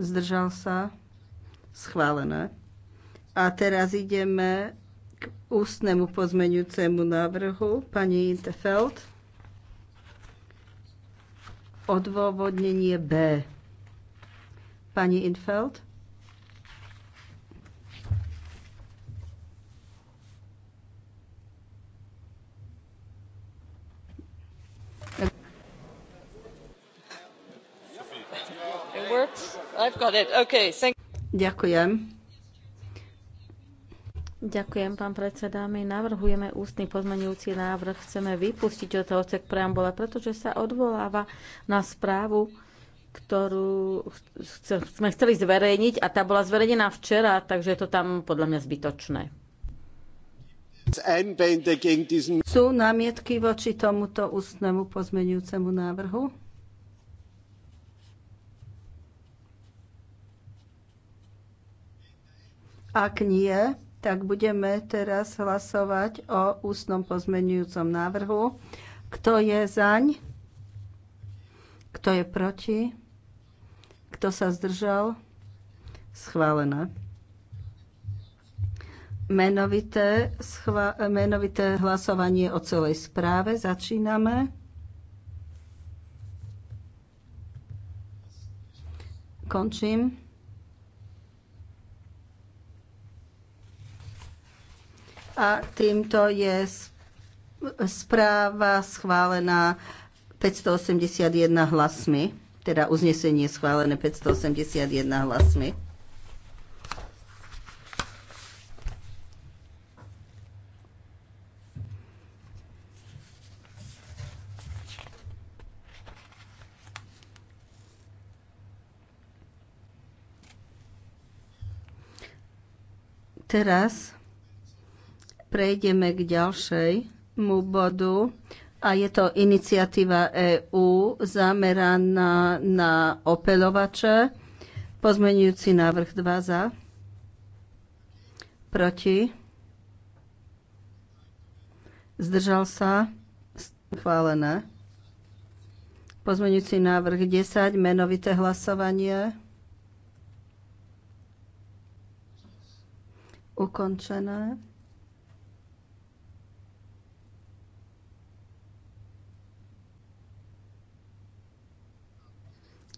zdržal sa, schválené. A teraz ideme k ústnemu pozmeňujúcemu návrhu pani Intefeld. Odôvodnenie B. Pani Infeld? Ďakujem. Ďakujem, pán predseda. My navrhujeme ústny pozmenujúci návrh. Chceme vypustiť od toho cek preambula, pretože sa odvoláva na správu, ktorú sme chceli zverejniť a tá bola zverejnená včera, takže je to tam podľa mňa zbytočné. Sú námietky voči tomuto ústnemu pozmenujúcemu návrhu? Ak nie, tak budeme teraz hlasovať o ústnom pozmenujúcom návrhu. Kto je zaň? Kto je proti? Kto sa zdržal? Schválené. Menovité, schva- menovité hlasovanie o celej správe. Začíname. Končím. A týmto je správa schválená 581 hlasmi, teda uznesenie schválené 581 hlasmi. Teraz Prejdeme k ďalšejmu bodu a je to iniciatíva EÚ zameraná na opelovače. Pozmenujúci návrh 2 za. Proti. Zdržal sa. Chválené. Pozmenujúci návrh 10, menovité hlasovanie. Ukončené.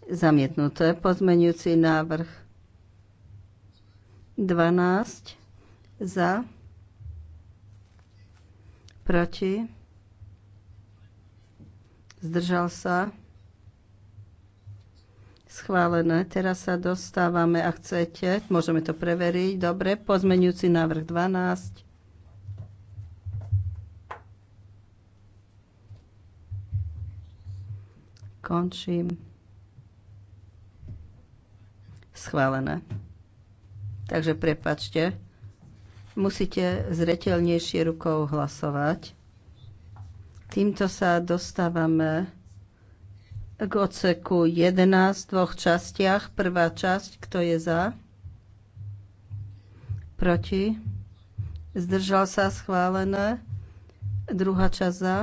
Zamietnuté. Pozmenujúci návrh 12 za. Proti. Zdržal sa. Schválené. Teraz sa dostávame, ak chcete, môžeme to preveriť. Dobre, pozmenujúci návrh 12. Končím schválené. Takže prepačte, musíte zretelnejšie rukou hlasovať. Týmto sa dostávame k oceku 11 v dvoch častiach. Prvá časť, kto je za? Proti? Zdržal sa schválené. Druhá časť za?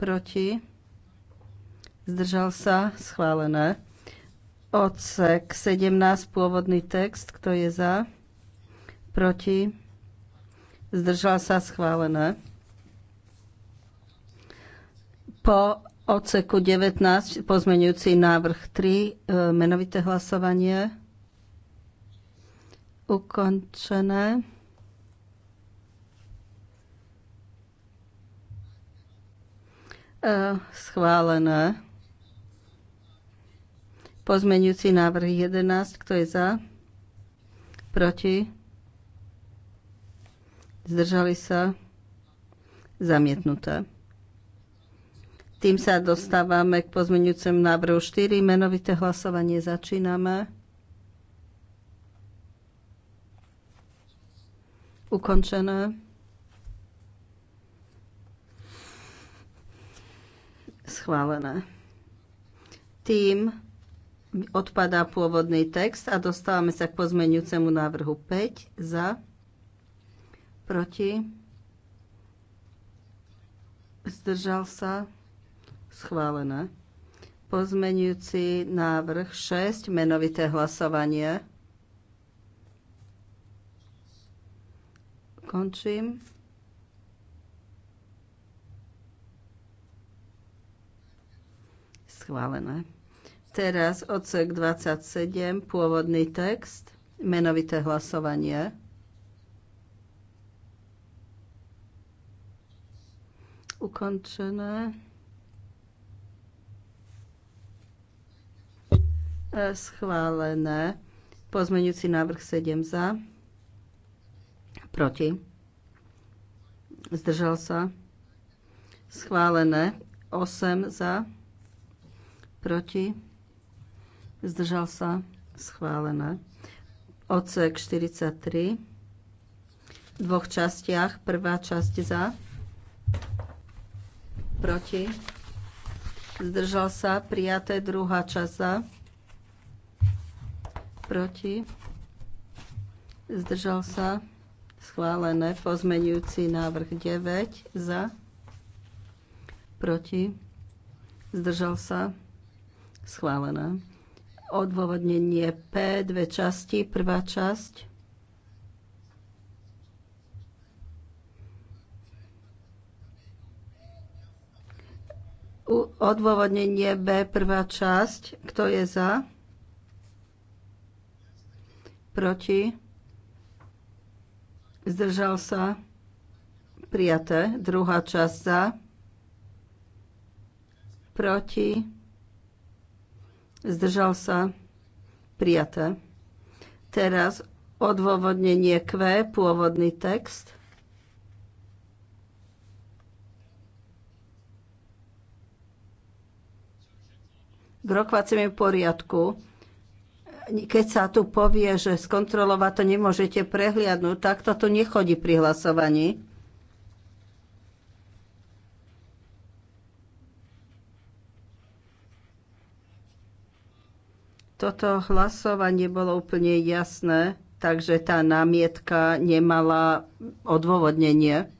Proti? Zdržal sa schválené. Odsek 17, pôvodný text, kto je za, proti, zdržal sa schválené. Po odseku 19, pozmenujúci návrh 3, e, menovité hlasovanie ukončené. E, schválené. Pozmeňujúci návrh 11. Kto je za? Proti? Zdržali sa? Zamietnuté. Tým sa dostávame k pozmeňujúcemu návrhu 4. Menovité hlasovanie začíname. Ukončené. Schválené. Tým Odpadá pôvodný text a dostávame sa k pozmeňujúcemu návrhu 5 za, proti, zdržal sa, schválené. Pozmenujúci návrh 6, menovité hlasovanie. Končím. Schválené. Teraz odsek 27, pôvodný text, menovité hlasovanie. Ukončené. E, schválené. Pozmeňujúci návrh 7 za. Proti. Zdržal sa. Schválené. 8 za. Proti zdržal sa, schválené. Ocek 43 v dvoch častiach. Prvá časť za, proti, zdržal sa, prijaté. Druhá časť za, proti, zdržal sa, schválené. Pozmenujúci návrh 9 za, proti, zdržal sa, schválené odôvodnenie P, dve časti. Prvá časť. Odôvodnenie B, prvá časť. Kto je za? Proti? Zdržal sa? Prijaté. Druhá časť za? Proti? zdržal sa, prijaté. Teraz odôvodnenie Q, pôvodný text. K v poriadku keď sa tu povie, že skontrolovať to nemôžete prehliadnúť, tak to tu nechodí pri hlasovaní. Toto hlasovanie bolo úplne jasné, takže tá námietka nemala odôvodnenie.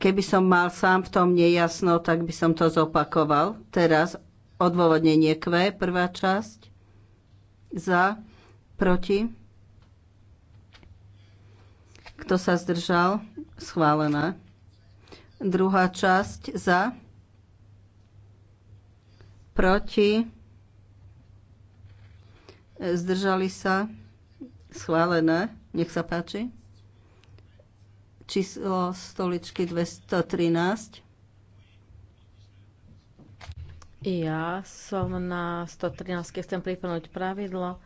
Keby som mal sám v tom nejasno, tak by som to zopakoval. Teraz odôvodnenie Q, prvá časť. Za, proti. Kto sa zdržal? Schválená. Druhá časť za, proti Zdržali sa? Schválené. Nech sa páči. Číslo stoličky 213. Ja som na 113. chcem priplnúť pravidlo.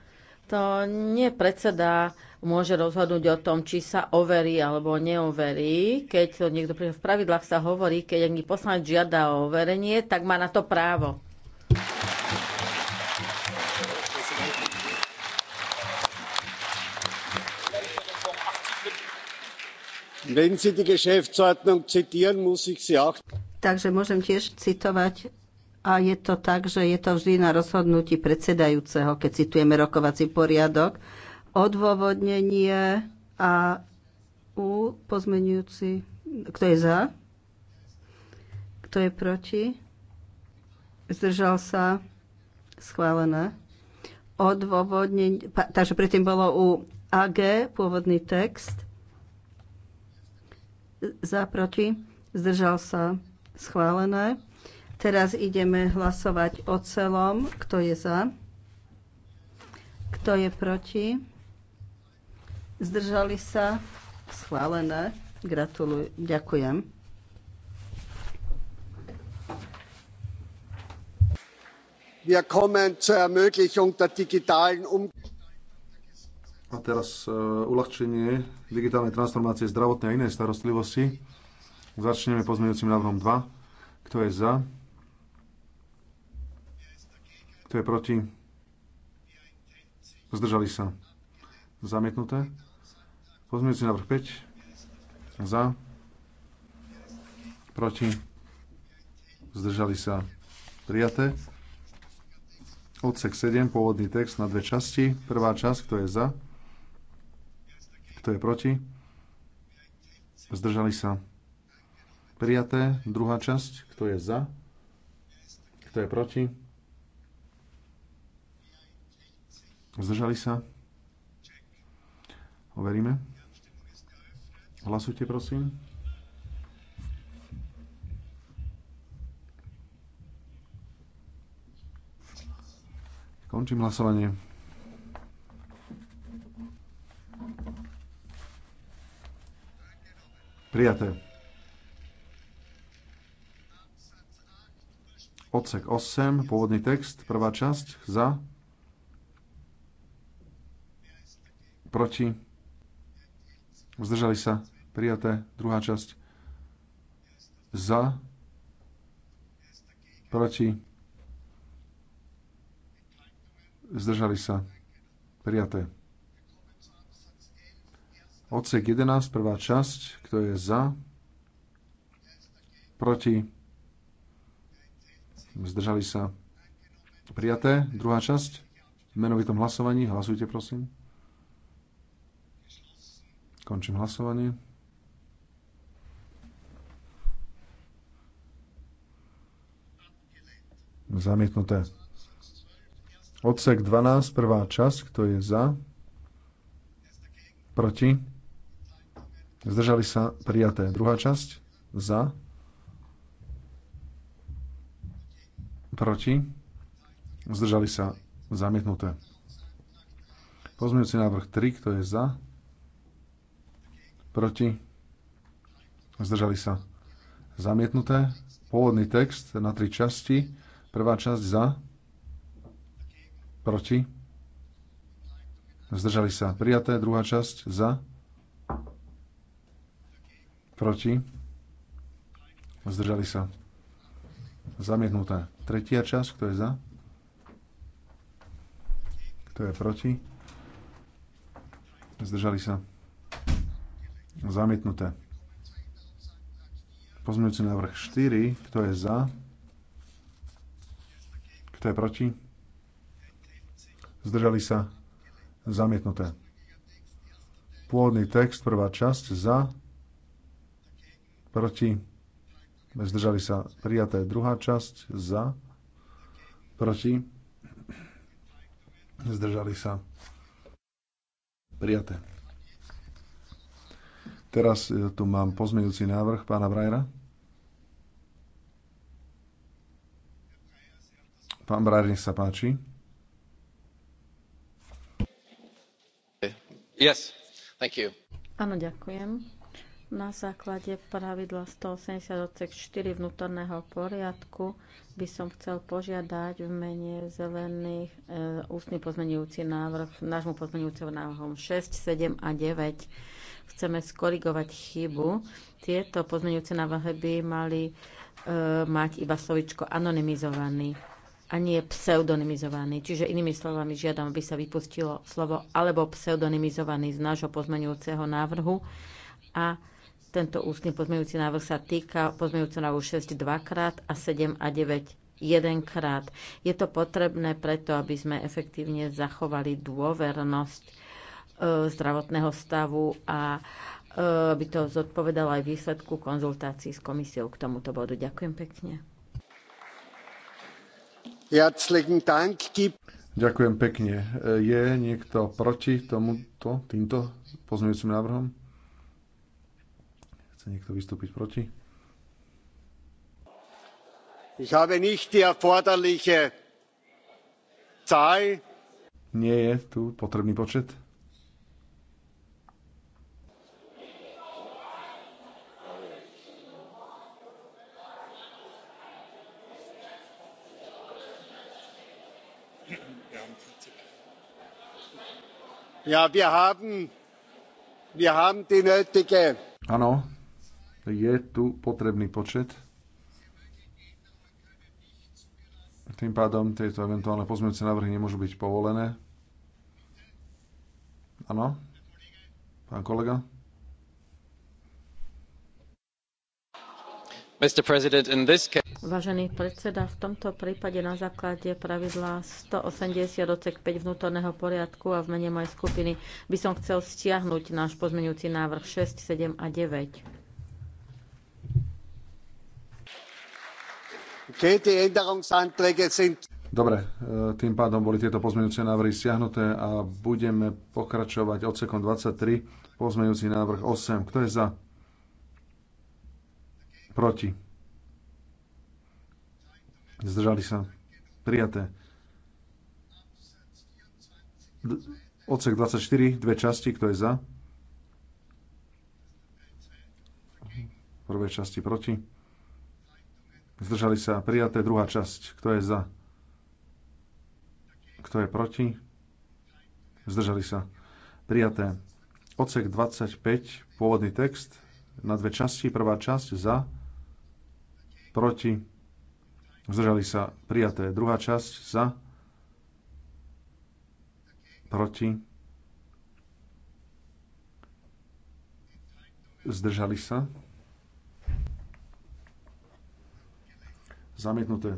To nie predseda môže rozhodnúť o tom, či sa overí alebo neoverí. Keď to niekto v pravidlách sa hovorí, keď ani poslanec žiada o overenie, tak má na to právo. Wenn Sie die Geschäftsordnung zitieren, muss ich Sie auch... Takže môžem tiež citovať a je to tak, že je to vždy na rozhodnutí predsedajúceho, keď citujeme rokovací poriadok, odôvodnenie a u pozmenujúci. Kto je za? Kto je proti? Zdržal sa? Schválené. Odôvodnenie, takže predtým bolo u AG pôvodný text za, proti, zdržal sa, schválené. Teraz ideme hlasovať o celom, kto je za, kto je proti, zdržali sa, schválené. Gratulujem, ďakujem. Wir kommen zur Ermöglichung der digitalen Umgebung. A teraz e, uľahčenie digitálnej transformácie zdravotnej a inej starostlivosti. Začneme pozmeňujúcim návrhom 2. Kto je za? Kto je proti? Zdržali sa. Zamietnuté. Pozmeňujúci návrh 5. Za. Proti. Zdržali sa. Prijaté. Odsek 7, pôvodný text na dve časti. Prvá časť, kto je za? Kto je proti? Zdržali sa. Prijaté. Druhá časť. Kto je za? Kto je proti? Zdržali sa? Overíme. Hlasujte, prosím. Končím hlasovanie. Prijaté. Odsek 8, pôvodný text, prvá časť, za, proti, zdržali sa, prijaté, druhá časť, za, proti, zdržali sa, prijaté. Odsek 11, prvá časť, kto je za, proti, zdržali sa, prijaté. Druhá časť, v menovitom hlasovaní, hlasujte prosím. Končím hlasovanie. Zamietnuté. Odsek 12, prvá časť, kto je za, proti, Zdržali sa prijaté. Druhá časť za. Proti. Zdržali sa zamietnuté. Pozmeňujúci návrh 3, kto je za? Proti? Zdržali sa. Zamietnuté. Pôvodný text na tri časti. Prvá časť za. Proti? Zdržali sa. Prijaté. Druhá časť za. Proti? Zdržali sa. Zamietnuté. Tretia časť, kto je za? Kto je proti? Zdržali sa. Zamietnuté. Pozmeňujúci návrh 4, kto je za? Kto je proti? Zdržali sa. Zamietnuté. Pôvodný text, prvá časť, za, proti, zdržali sa prijaté. Druhá časť za, proti, zdržali sa prijaté. Teraz e, tu mám pozmeňujúci návrh pána Brajera. Pán Brajer, nech sa páči. Yes, thank you. Áno, ďakujem na základe pravidla 180 odsek 4 vnútorného poriadku by som chcel požiadať v mene zelených e, ústny pozmeňujúci návrh, nášmu pozmeňujúcemu návrhu 6, 7 a 9. Chceme skorigovať chybu. Tieto pozmenujúce návrhy by mali e, mať iba slovíčko anonymizovaný a nie pseudonymizovaný. Čiže inými slovami žiadam, aby sa vypustilo slovo alebo pseudonymizovaný z nášho pozmeňujúceho návrhu a tento ústny pozmeňujúci návrh sa týka pozmeňujúceho návrhu 6 dvakrát a 7 a 9 jedenkrát. Je to potrebné preto, aby sme efektívne zachovali dôvernosť e, zdravotného stavu a e, by to zodpovedalo aj výsledku konzultácií s komisiou k tomuto bodu. Ďakujem pekne. Ďakujem pekne. E, je niekto proti tomuto, týmto pozmeňujúcim návrhom? Chce niekto vystúpiť proti? Ich habe nicht die erforderliche Zahl. Nie je tu potrebný počet. Ja, wir haben, wir haben die nötige. Ano, je tu potrebný počet. Tým pádom tieto eventuálne pozmeňujúce návrhy nemôžu byť povolené. Áno? Pán kolega? Vážený predseda, v tomto prípade na základe pravidla 180 odsek 5 vnútorného poriadku a v mene mojej skupiny by som chcel stiahnuť náš pozmeňujúci návrh 6, 7 a 9. Dobre, e, tým pádom boli tieto pozmeňujúce návrhy stiahnuté a budeme pokračovať odsekom 23, pozmeňujúci návrh 8. Kto je za? Proti. Zdržali sa. Prijaté. Odsek 24, dve časti, kto je za? Prvé časti proti. Zdržali sa prijaté. Druhá časť. Kto je za? Kto je proti? Zdržali sa prijaté. Odsek 25, pôvodný text, na dve časti. Prvá časť za, proti, zdržali sa prijaté. Druhá časť za, proti, zdržali sa. Zamietnuté.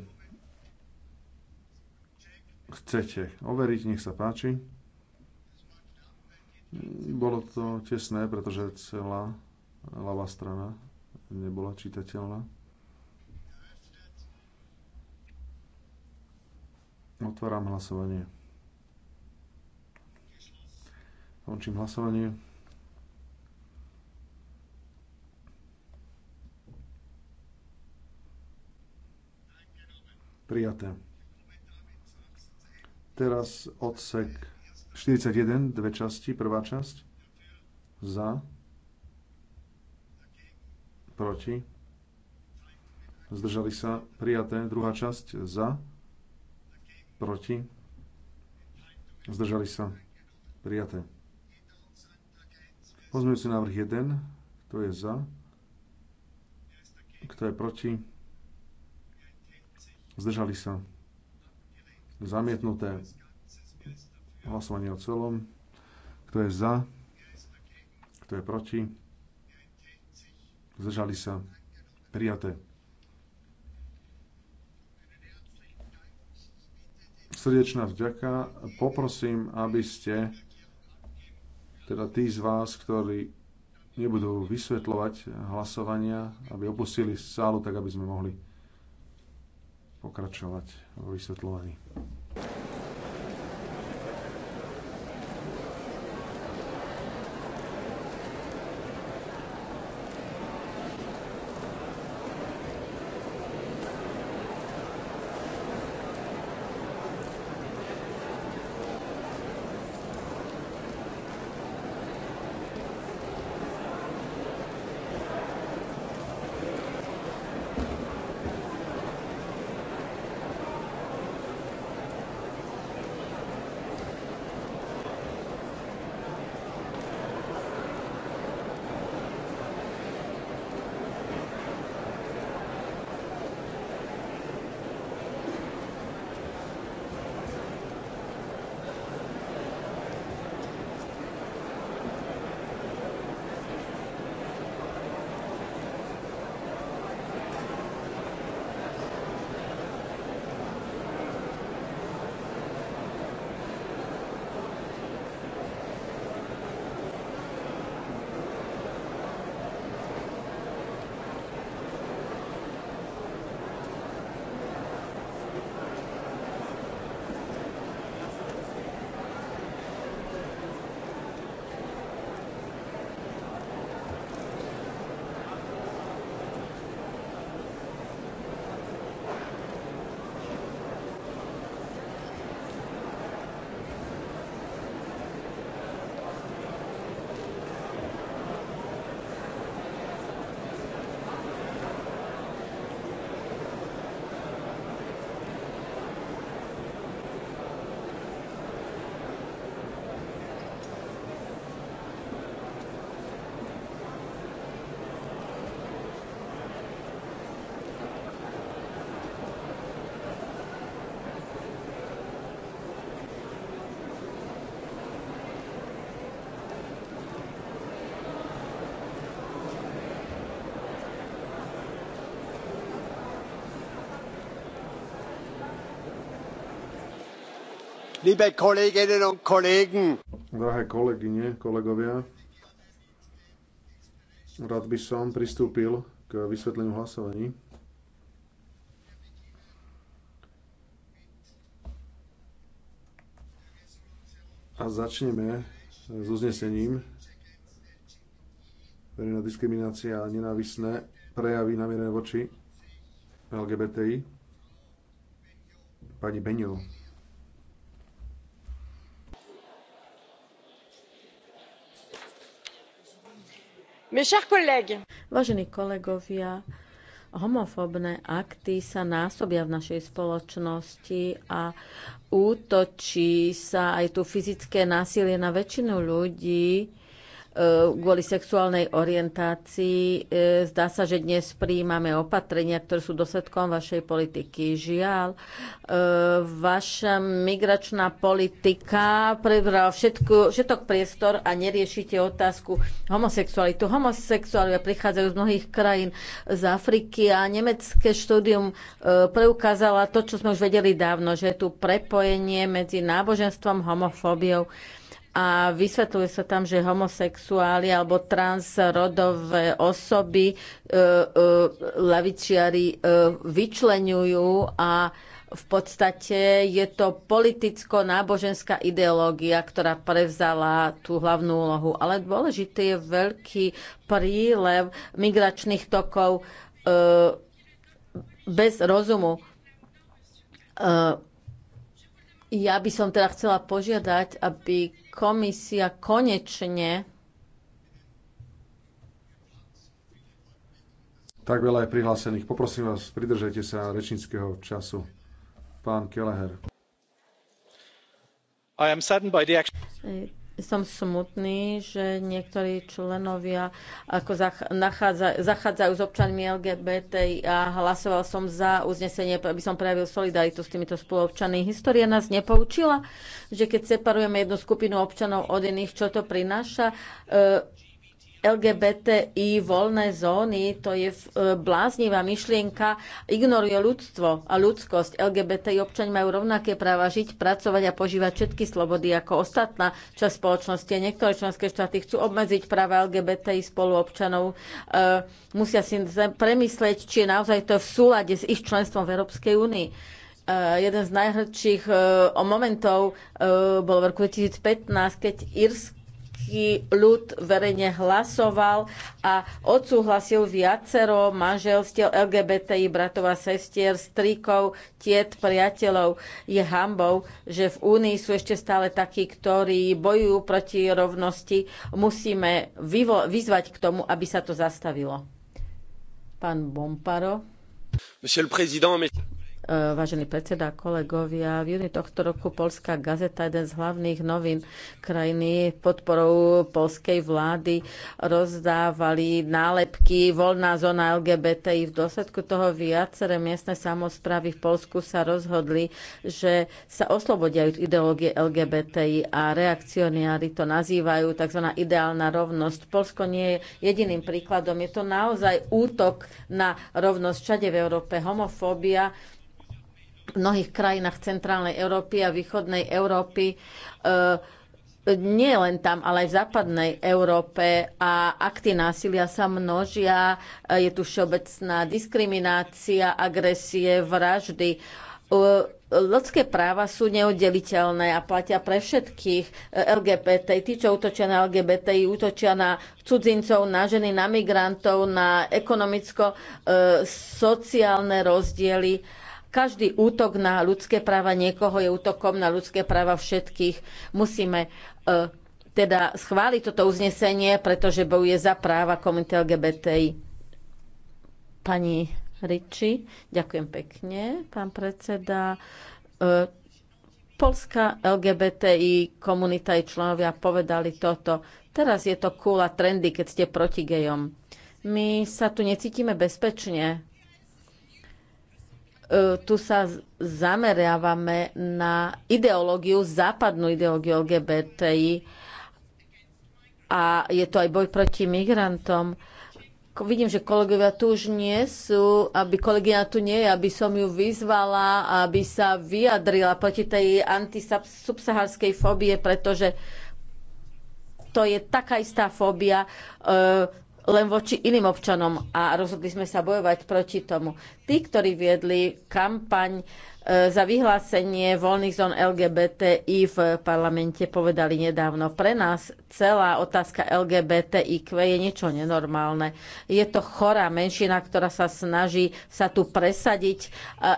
Chcete overiť, nech sa páči. Bolo to tesné, pretože celá ľavá strana nebola čitateľná. Otváram hlasovanie. Končím hlasovanie. Prijaté. Teraz odsek 41, dve časti, prvá časť. Za. Proti. Zdržali sa. Prijaté. Druhá časť. Za. Proti. Zdržali sa. Prijaté. si návrh 1. Kto je za? Kto je proti? Zdržali sa. Zamietnuté. Hlasovanie o celom. Kto je za? Kto je proti? Zdržali sa. Prijaté. Srdečná vďaka. Poprosím, aby ste, teda tí z vás, ktorí nebudú vysvetľovať hlasovania, aby opustili sálu, tak aby sme mohli pokračovať vo vysvetľovaní. liebe Kolleginnen und Kollegen. Drahé kolegyne, kolegovia, rád by som pristúpil k vysvetleniu hlasovaní. A začneme s uznesením verejná diskriminácia a nenávisné prejavy namierené voči LGBTI. Pani Beňová. Vážení kolegovia, homofóbne akty sa násobia v našej spoločnosti a útočí sa aj tu fyzické násilie na väčšinu ľudí, E, kvôli sexuálnej orientácii. E, zdá sa, že dnes prijímame opatrenia, ktoré sú dosledkom vašej politiky. Žiaľ, e, vaša migračná politika prebrala všetko, všetok priestor a neriešite otázku homosexualitu. Homosexuália prichádzajú z mnohých krajín z Afriky a nemecké štúdium preukázala to, čo sme už vedeli dávno, že je tu prepojenie medzi náboženstvom, homofóbiou a vysvetľuje sa tam, že homosexuáli alebo transrodové osoby e, e, lavičiari e, vyčlenujú a v podstate je to politicko-náboženská ideológia, ktorá prevzala tú hlavnú úlohu. Ale dôležitý je veľký prílev migračných tokov e, bez rozumu. E, ja by som teda chcela požiadať, aby komisia konečne Tak veľa je prihlásených. Poprosím vás, pridržajte sa rečníckého času. Pán Keleher. I am saddened by the action eh, som smutný, že niektorí členovia ako zachádza, zachádzajú s občanmi LGBT a hlasoval som za uznesenie, aby som prejavil solidaritu s týmito spoluobčanmi. História nás nepoučila, že keď separujeme jednu skupinu občanov od iných, čo to prináša? E, LGBTI voľné zóny, to je e, bláznivá myšlienka, ignoruje ľudstvo a ľudskosť. LGBTI občania majú rovnaké práva žiť, pracovať a požívať všetky slobody ako ostatná časť spoločnosti. niektoré členské štáty chcú obmedziť práva LGBTI spoluobčanov. E, musia si premyslieť, či je naozaj to v súlade s ich členstvom v Európskej únii e, jeden z najhrdších momentov bol v roku 2015, keď Irsk slovenský ľud verejne hlasoval a odsúhlasil viacero manželstiev LGBTI bratov a sestier, strikov, tiet, priateľov. Je hambou, že v Únii sú ešte stále takí, ktorí bojujú proti rovnosti. Musíme vyzvať k tomu, aby sa to zastavilo. Pán Bomparo. Monsieur le président, mes... E, vážený predseda, kolegovia, v júni tohto roku Polská gazeta, jeden z hlavných novín krajiny podporou polskej vlády, rozdávali nálepky voľná zóna LGBTI. V dôsledku toho viaceré miestne samozprávy v Polsku sa rozhodli, že sa oslobodia od ideológie LGBTI a reakcionári to nazývajú tzv. ideálna rovnosť. Polsko nie je jediným príkladom. Je to naozaj útok na rovnosť všade v Európe. Homofóbia v mnohých krajinách centrálnej Európy a východnej Európy e, nie len tam, ale aj v západnej Európe a akty násilia sa množia, e, je tu všeobecná diskriminácia, agresie, vraždy. E, ľudské práva sú neoddeliteľné a platia pre všetkých LGBT. Tí, čo útočia na LGBT, útočia na cudzincov, na ženy, na migrantov, na ekonomicko-sociálne rozdiely každý útok na ľudské práva niekoho je útokom na ľudské práva všetkých. Musíme e, teda schváliť toto uznesenie, pretože bojuje za práva komunity LGBTI. Pani Riči, ďakujem pekne, pán predseda. E, Polská LGBTI komunita i členovia povedali toto. Teraz je to cool a trendy, keď ste proti gejom. My sa tu necítime bezpečne, E, tu sa zameriavame na ideológiu, západnú ideológiu LGBTI a je to aj boj proti migrantom. Vidím, že kolegovia tu už nie sú, aby kolegyňa tu nie je, aby som ju vyzvala, aby sa vyjadrila proti tej antisubsaharskej fóbie, pretože to je taká istá fóbia, e, len voči iným občanom a rozhodli sme sa bojovať proti tomu. Tí, ktorí viedli kampaň e, za vyhlásenie voľných zón LGBTI v parlamente, povedali nedávno. Pre nás celá otázka LGBTIQ je niečo nenormálne. Je to chorá menšina, ktorá sa snaží sa tu presadiť,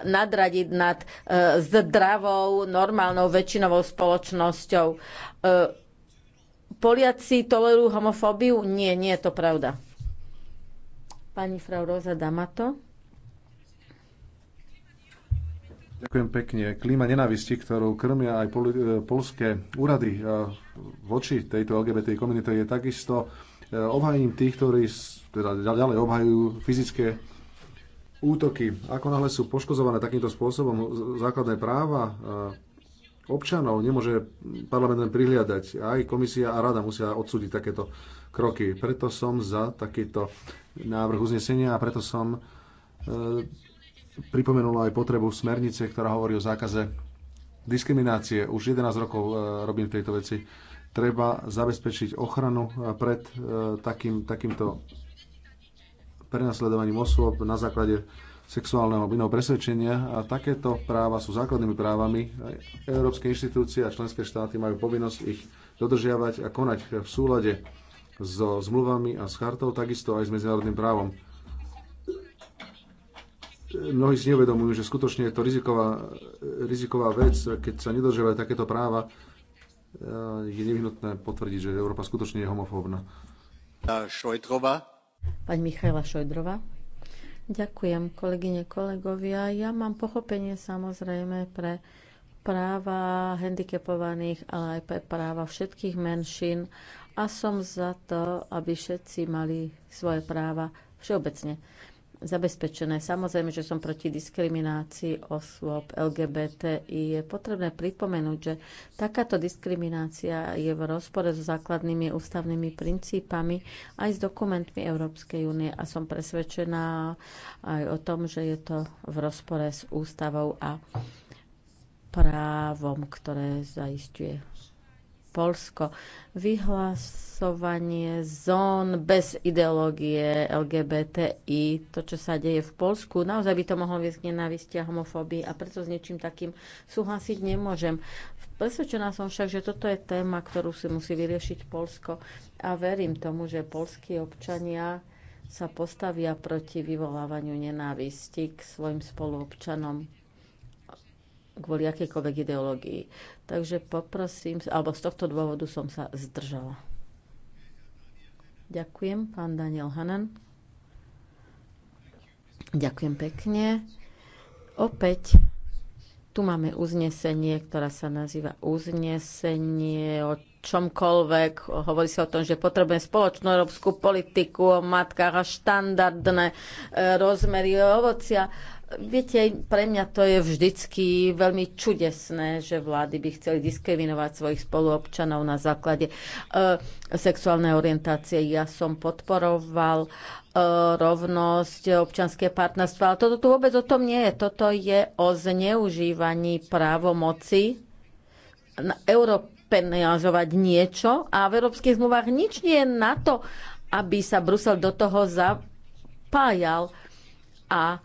nadradiť nad e, zdravou, normálnou väčšinovou spoločnosťou e, Poliaci tolerujú homofóbiu? Nie, nie je to pravda. Pani frau Rosa Damato. Ďakujem pekne. Klíma nenávisti, ktorú krmia aj pol, e, polské úrady e, voči tejto LGBT komunite, je takisto e, obhajím tých, ktorí teda ďalej obhajujú fyzické útoky. Ako náhle sú poškozované takýmto spôsobom základné práva občanov. Nemôže parlament len prihliadať. Aj komisia a rada musia odsúdiť takéto kroky. Preto som za takýto návrh uznesenia a preto som e, pripomenul aj potrebu smernice, ktorá hovorí o zákaze diskriminácie. Už 11 rokov e, robím v tejto veci. Treba zabezpečiť ochranu e, pred e, takým, takýmto prenasledovaním osôb na základe sexuálneho alebo iného presvedčenia a takéto práva sú základnými právami. Európske inštitúcie a členské štáty majú povinnosť ich dodržiavať a konať v súlade so zmluvami a s chartou, takisto aj s medzinárodným právom. Mnohí si neuvedomujú, že skutočne je to riziková, riziková vec, keď sa nedodržiavajú takéto práva, je nevyhnutné potvrdiť, že Európa skutočne je homofóbna. Pani Michaela Šojdrova. Ďakujem, kolegyne, kolegovia. Ja mám pochopenie samozrejme pre práva handicapovaných, ale aj pre práva všetkých menšín a som za to, aby všetci mali svoje práva všeobecne zabezpečené. Samozrejme, že som proti diskriminácii osôb LGBTI. Je potrebné pripomenúť, že takáto diskriminácia je v rozpore so základnými ústavnými princípami aj s dokumentmi Európskej únie a som presvedčená aj o tom, že je to v rozpore s ústavou a právom, ktoré zaistuje. Polsko. Vyhlasovanie zón bez ideológie LGBTI, to, čo sa deje v Polsku, naozaj by to mohlo viesť k nenávisti a homofóbii a preto s niečím takým súhlasiť nemôžem. Presvedčená som však, že toto je téma, ktorú si musí vyriešiť Polsko a verím tomu, že polskí občania sa postavia proti vyvolávaniu nenávisti k svojim spoluobčanom kvôli akejkoľvek ideológii. Takže poprosím, alebo z tohto dôvodu som sa zdržala. Ďakujem, pán Daniel Hanan. Ďakujem pekne. Opäť tu máme uznesenie, ktorá sa nazýva uznesenie o čomkoľvek. Hovorí sa o tom, že potrebujeme spoločnú európsku politiku o matkách a štandardné e, rozmery ovocia. Viete, pre mňa to je vždycky veľmi čudesné, že vlády by chceli diskriminovať svojich spoluobčanov na základe e, sexuálnej orientácie. Ja som podporoval e, rovnosť, občanské partnerstvo, ale toto tu vôbec o tom nie je. Toto je o zneužívaní právomoci europenalizovať niečo a v európskych zmluvách nič nie je na to, aby sa Brusel do toho zapájal a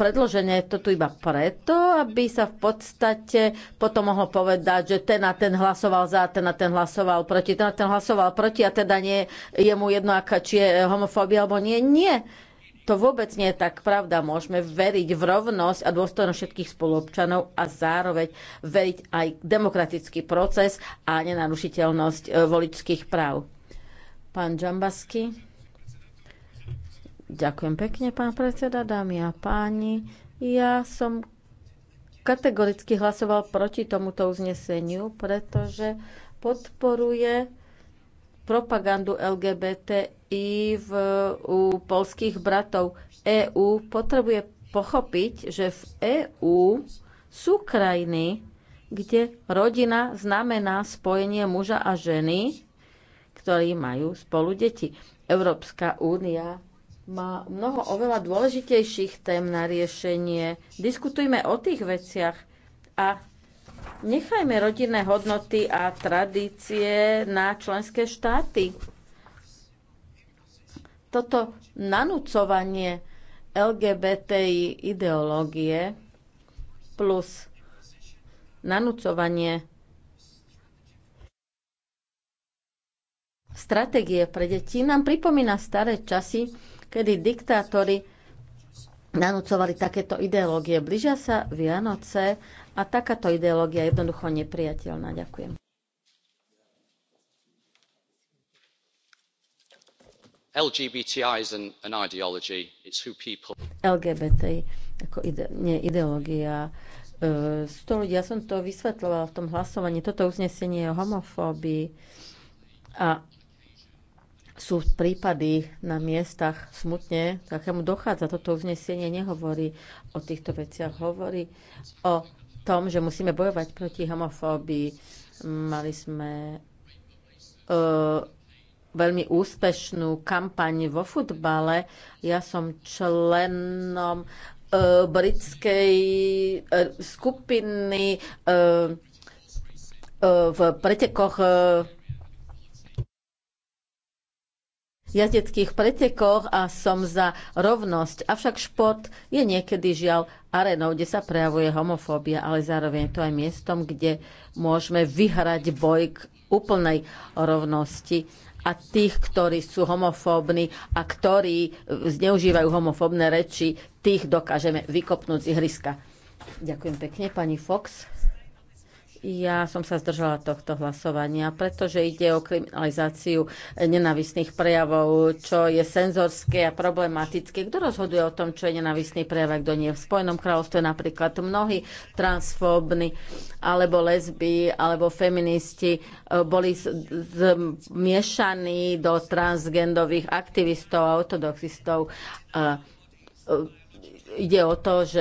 predložené to tu iba preto, aby sa v podstate potom mohlo povedať, že ten a ten hlasoval za, ten a ten hlasoval proti, ten a ten hlasoval proti a teda nie je mu jedno, aká, či je homofóbia alebo nie. Nie. To vôbec nie je tak pravda. Môžeme veriť v rovnosť a dôstojnosť všetkých spoluobčanov a zároveň veriť aj demokratický proces a nenarušiteľnosť eh, voličských práv. Pán Džambasky. Ďakujem pekne, pán predseda, dámy a páni. Ja som kategoricky hlasoval proti tomuto uzneseniu, pretože podporuje propagandu LGBTI v, u polských bratov. EÚ potrebuje pochopiť, že v EÚ sú krajiny, kde rodina znamená spojenie muža a ženy, ktorí majú spolu deti. Európska únia má mnoho oveľa dôležitejších tém na riešenie. Diskutujme o tých veciach a nechajme rodinné hodnoty a tradície na členské štáty. Toto nanúcovanie LGBTI ideológie plus nanúcovanie stratégie pre deti nám pripomína staré časy, kedy diktátori nanúcovali takéto ideológie. Blížia sa Vianoce a takáto ideológia je jednoducho nepriateľná. Ďakujem. LGBTI is an, an ideology. It's who people... LGBT ako ide, nie ideológia. Uh, ľudí, ja som to vysvetľovala v tom hlasovaní. Toto uznesenie je o homofóbii. A sú prípady na miestach smutne, takému dochádza. Toto uznesenie nehovorí o týchto veciach, hovorí o tom, že musíme bojovať proti homofóbii. Mali sme uh, veľmi úspešnú kampaň vo futbale. Ja som členom uh, britskej uh, skupiny uh, uh, v pretekoch uh, jazdeckých pretekoch a som za rovnosť. Avšak šport je niekedy žiaľ arenou, kde sa prejavuje homofóbia, ale zároveň je to aj miestom, kde môžeme vyhrať boj k úplnej rovnosti a tých, ktorí sú homofóbni a ktorí zneužívajú homofóbne reči, tých dokážeme vykopnúť z ihriska. Ďakujem pekne, pani Fox. Ja som sa zdržala tohto hlasovania, pretože ide o kriminalizáciu nenavistných prejavov, čo je senzorské a problematické. Kto rozhoduje o tom, čo je nenavistný prejav kto nie? V Spojenom kráľovstve napríklad mnohí transfóbni alebo lesby alebo feministi e, boli zmiešaní do transgendových aktivistov a ortodoxistov e, ide o to, e,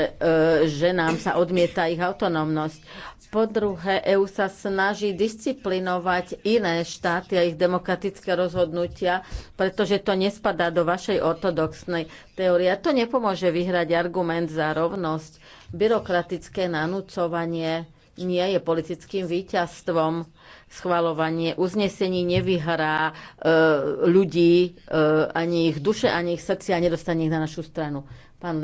že nám sa odmieta ich autonómnosť. Po druhé, EÚ sa snaží disciplinovať iné štáty a ich demokratické rozhodnutia, pretože to nespadá do vašej ortodoxnej teórie. To nepomôže vyhrať argument za rovnosť. Byrokratické nanúcovanie nie je politickým víťazstvom. Schvalovanie uznesení nevyhrá e, ľudí, e, ani ich duše, ani ich srdcia a nedostane ich na našu stranu. Pán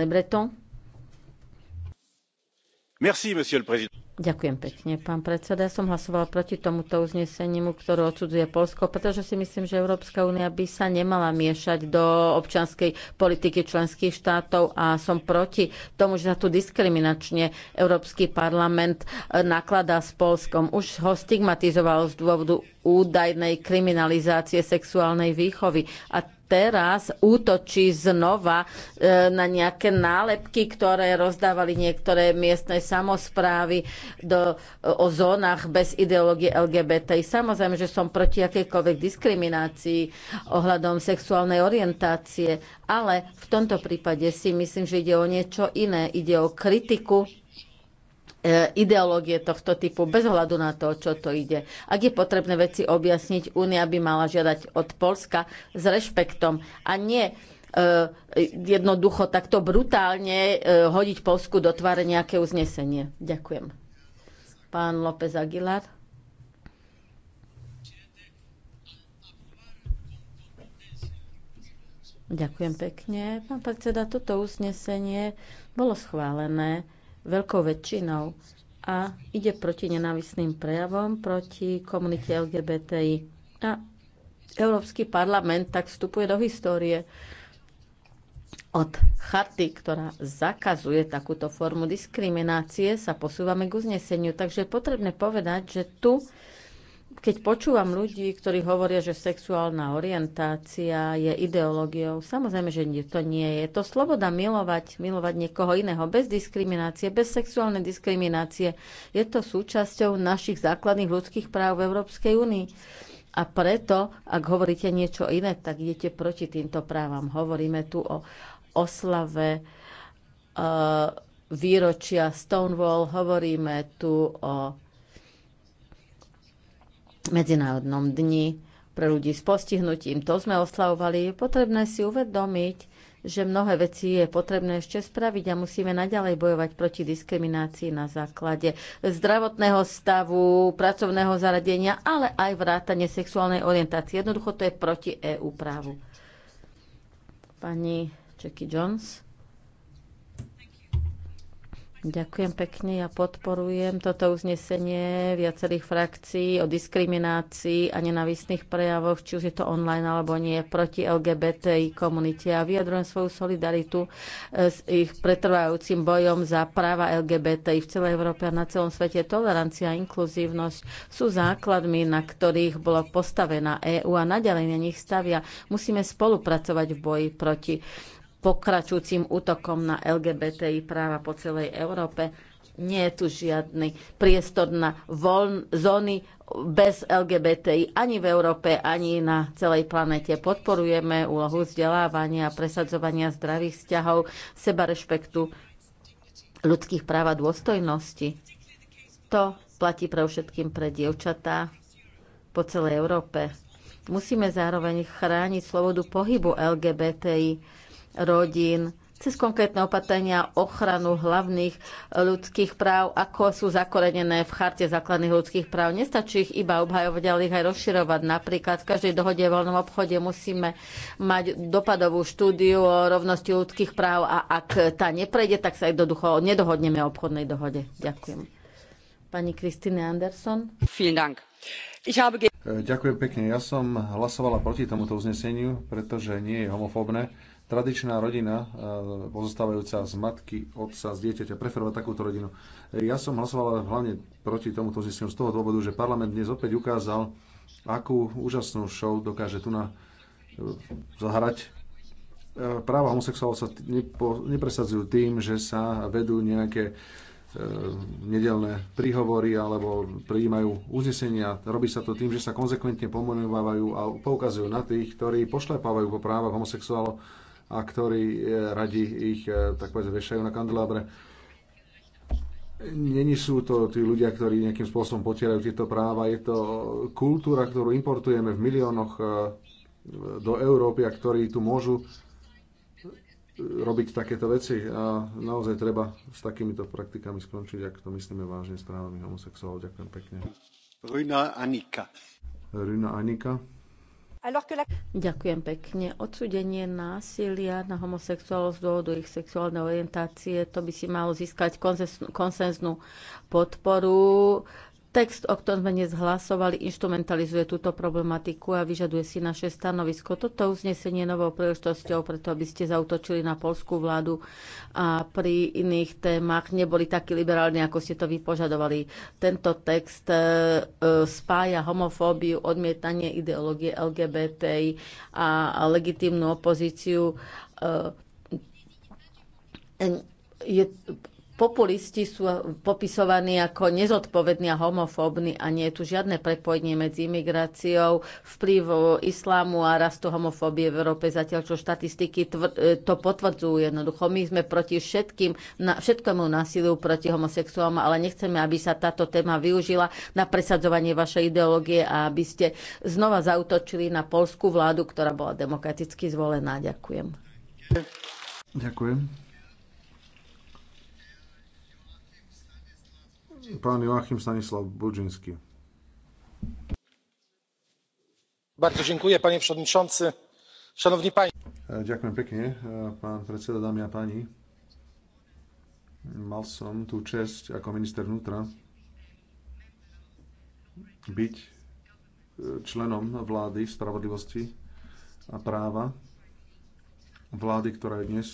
Ďakujem pekne, pán predseda. Ja som hlasovala proti tomuto uzneseniu, ktoré odsudzuje Polsko, pretože si myslím, že Európska únia by sa nemala miešať do občianskej politiky členských štátov a som proti tomu, že sa tu diskriminačne Európsky parlament eh, nakladá s Polskom. Už ho stigmatizoval z dôvodu údajnej kriminalizácie sexuálnej výchovy a teraz útočí znova e, na nejaké nálepky, ktoré rozdávali niektoré miestne samozprávy do, o zónach bez ideológie LGBT. Samozrejme, že som proti akejkoľvek diskriminácii ohľadom sexuálnej orientácie, ale v tomto prípade si myslím, že ide o niečo iné. Ide o kritiku E, ideológie tohto typu, bez hľadu na to, čo to ide. Ak je potrebné veci objasniť, Únia by mala žiadať od Polska s rešpektom a nie e, jednoducho takto brutálne e, hodiť Polsku do tváre nejaké uznesenie. Ďakujem. Pán López Aguilar. Ďakujem pekne. Pán predseda, toto uznesenie bolo schválené veľkou väčšinou a ide proti nenávisným prejavom, proti komunite LGBTI. A Európsky parlament tak vstupuje do histórie od chaty, ktorá zakazuje takúto formu diskriminácie, sa posúvame k uzneseniu. Takže je potrebné povedať, že tu keď počúvam ľudí, ktorí hovoria, že sexuálna orientácia je ideológiou, samozrejme, že to nie je. To sloboda milovať, milovať niekoho iného bez diskriminácie, bez sexuálnej diskriminácie, je to súčasťou našich základných ľudských práv v Európskej únii. A preto, ak hovoríte niečo iné, tak idete proti týmto právam. Hovoríme tu o oslave uh, výročia Stonewall, hovoríme tu o Medzinárodnom dni pre ľudí s postihnutím. To sme oslavovali. Je potrebné si uvedomiť, že mnohé veci je potrebné ešte spraviť a musíme naďalej bojovať proti diskriminácii na základe zdravotného stavu, pracovného zaradenia, ale aj vrátanie sexuálnej orientácie. Jednoducho to je proti EU právu. Pani Jackie Jones. Ďakujem pekne. Ja podporujem toto uznesenie viacerých frakcií o diskriminácii a nenavistných prejavoch, či už je to online alebo nie, proti LGBTI komunite. A vyjadrujem svoju solidaritu e, s ich pretrvajúcim bojom za práva LGBTI v celej Európe a na celom svete. Tolerancia a inkluzívnosť sú základmi, na ktorých bola postavená EÚ a naďalej na nich stavia. Musíme spolupracovať v boji proti pokračujúcim útokom na LGBTI práva po celej Európe. Nie je tu žiadny priestor na voľn, zóny bez LGBTI ani v Európe, ani na celej planete. Podporujeme úlohu vzdelávania a presadzovania zdravých vzťahov, sebarešpektu, ľudských práv a dôstojnosti. To platí pre všetkým pre dievčatá po celej Európe. Musíme zároveň chrániť slobodu pohybu LGBTI rodín, cez konkrétne opatrenia ochranu hlavných ľudských práv, ako sú zakorenené v charte základných ľudských práv. Nestačí ich iba obhajovať, ale ich aj rozširovať. Napríklad v každej dohode o voľnom obchode musíme mať dopadovú štúdiu o rovnosti ľudských práv a ak tá neprejde, tak sa jednoducho nedohodneme o obchodnej dohode. Ďakujem. Pani Kristine Anderson. Ďakujem pekne. Ja som hlasovala proti tomuto uzneseniu, pretože nie je homofóbne tradičná rodina, e, pozostávajúca z matky, otca, z dieťaťa, preferovať takúto rodinu. Ja som hlasoval hlavne proti tomuto systému z toho dôvodu, že parlament dnes opäť ukázal, akú úžasnú show dokáže tu na e, zahrať. E, práva homosexuálov sa nepo, nepresadzujú tým, že sa vedú nejaké e, nedelné príhovory alebo prijímajú uznesenia. Robí sa to tým, že sa konzekventne pomenovávajú a poukazujú na tých, ktorí pošlepávajú po právach homosexuálov a ktorí e, radi ich, e, tak povedz, vešajú na kandelábre. Není sú to tí ľudia, ktorí nejakým spôsobom potierajú tieto práva. Je to kultúra, ktorú importujeme v miliónoch e, do Európy a ktorí tu môžu robiť takéto veci a naozaj treba s takýmito praktikami skončiť, ak to myslíme vážne s právami homosexuálov. Ďakujem pekne. Rina Anika. Rina Anika. Ďakujem pekne. Odsudenie násilia na homosexuálov z dôvodu ich sexuálnej orientácie, to by si malo získať konsenznú podporu Text, o ktorom sme dnes hlasovali, instrumentalizuje túto problematiku a vyžaduje si naše stanovisko. Toto uznesenie je novou príležitosťou, preto aby ste zautočili na polskú vládu a pri iných témach neboli takí liberálni, ako ste to vypožadovali. Tento text e, e, spája homofóbiu, odmietanie ideológie LGBT a legitímnu opozíciu e, je populisti sú popisovaní ako nezodpovední a homofóbni a nie je tu žiadne prepojenie medzi imigráciou, vplyv islámu a rastu homofóbie v Európe, zatiaľ čo štatistiky e, to potvrdzujú jednoducho. My sme proti všetkým, na, všetkému násiliu proti homosexuálom, ale nechceme, aby sa táto téma využila na presadzovanie vašej ideológie a aby ste znova zautočili na polskú vládu, ktorá bola demokraticky zvolená. Ďakujem. Ďakujem. Pán Joachim Stanislav Budžinsky. Bardzo dziękuję, panie przewodniczący. Szanowni e, Ďakujem pekne, e, pán predseda, dámy a páni. Mal som tú čest ako minister vnútra byť e, členom vlády spravodlivosti a práva vlády, ktorá je dnes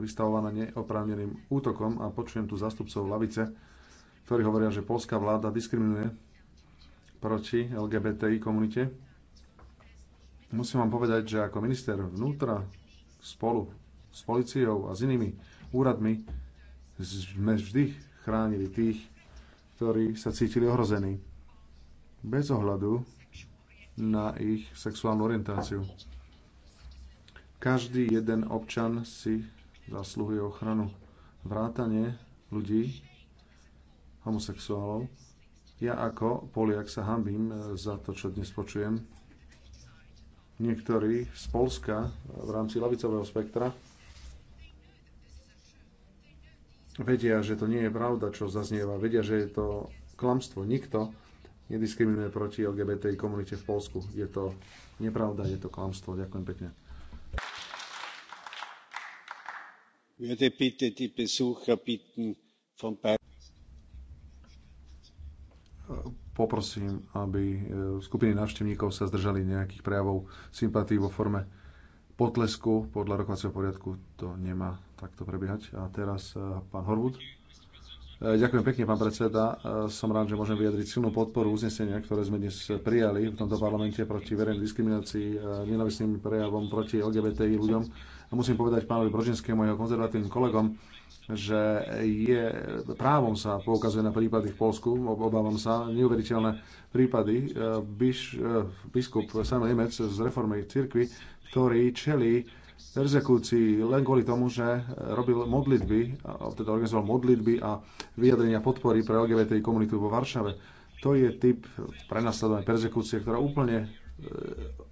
vystavovaná neoprávneným útokom a počujem tu zastupcov lavice, ktorí hovoria, že polská vláda diskriminuje proti LGBTI komunite. Musím vám povedať, že ako minister vnútra spolu s policiou a s inými úradmi sme vždy chránili tých, ktorí sa cítili ohrození. Bez ohľadu na ich sexuálnu orientáciu. Každý jeden občan si zasluhuje ochranu. Vrátanie ľudí, homosexuálov. Ja ako Poliak sa hambím e, za to, čo dnes počujem. Niektorí z Polska e, v rámci lavicového spektra vedia, že to nie je pravda, čo zaznieva. Vedia, že je to klamstvo. Nikto nediskriminuje proti LGBT komunite v Polsku. Je to nepravda, je to klamstvo. Ďakujem pekne. Würde bitte die Besucher Poprosím, aby e, skupiny návštevníkov sa zdržali nejakých prejavov sympatí vo forme potlesku. Podľa rokovacieho poriadku to nemá takto prebiehať. A teraz e, pán Horvud. E, ďakujem pekne, pán predseda. Som rád, že môžem vyjadriť silnú podporu uznesenia, ktoré sme dnes prijali v tomto parlamente proti verejnej diskriminácii, nenavistným prejavom proti LGBTI ľuďom. A musím povedať pánovi Brožinskému a jeho konzervatívnym kolegom, že je právom sa poukazuje na prípady v Polsku, obávam sa, neuveriteľné prípady. E, Biš, e, biskup Sam Nemec z reformej cirkvi, ktorý čelí perzekúcii len kvôli tomu, že robil modlitby, teda organizoval modlitby a vyjadrenia podpory pre LGBT komunitu vo Varšave. To je typ prenasledovania perzekúcie, ktorá úplne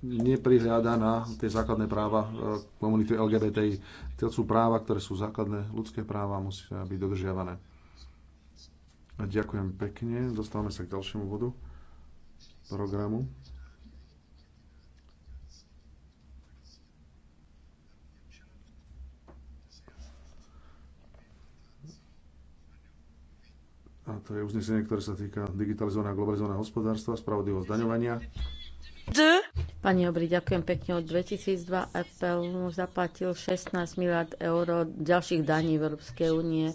neprihľada na tie základné práva e, komunity LGBTI. To sú práva, ktoré sú základné ľudské práva, musia byť dodržiavané. A ďakujem pekne. Dostávame sa k ďalšiemu bodu programu. A to je uznesenie, ktoré sa týka digitalizovaného a globalizovaného hospodárstva, spravodlivosť daňovania. Pani Obri, ďakujem pekne. Od 2002 Apple mu zaplatil 16 miliard eur ďalších daní v Európskej únie. E,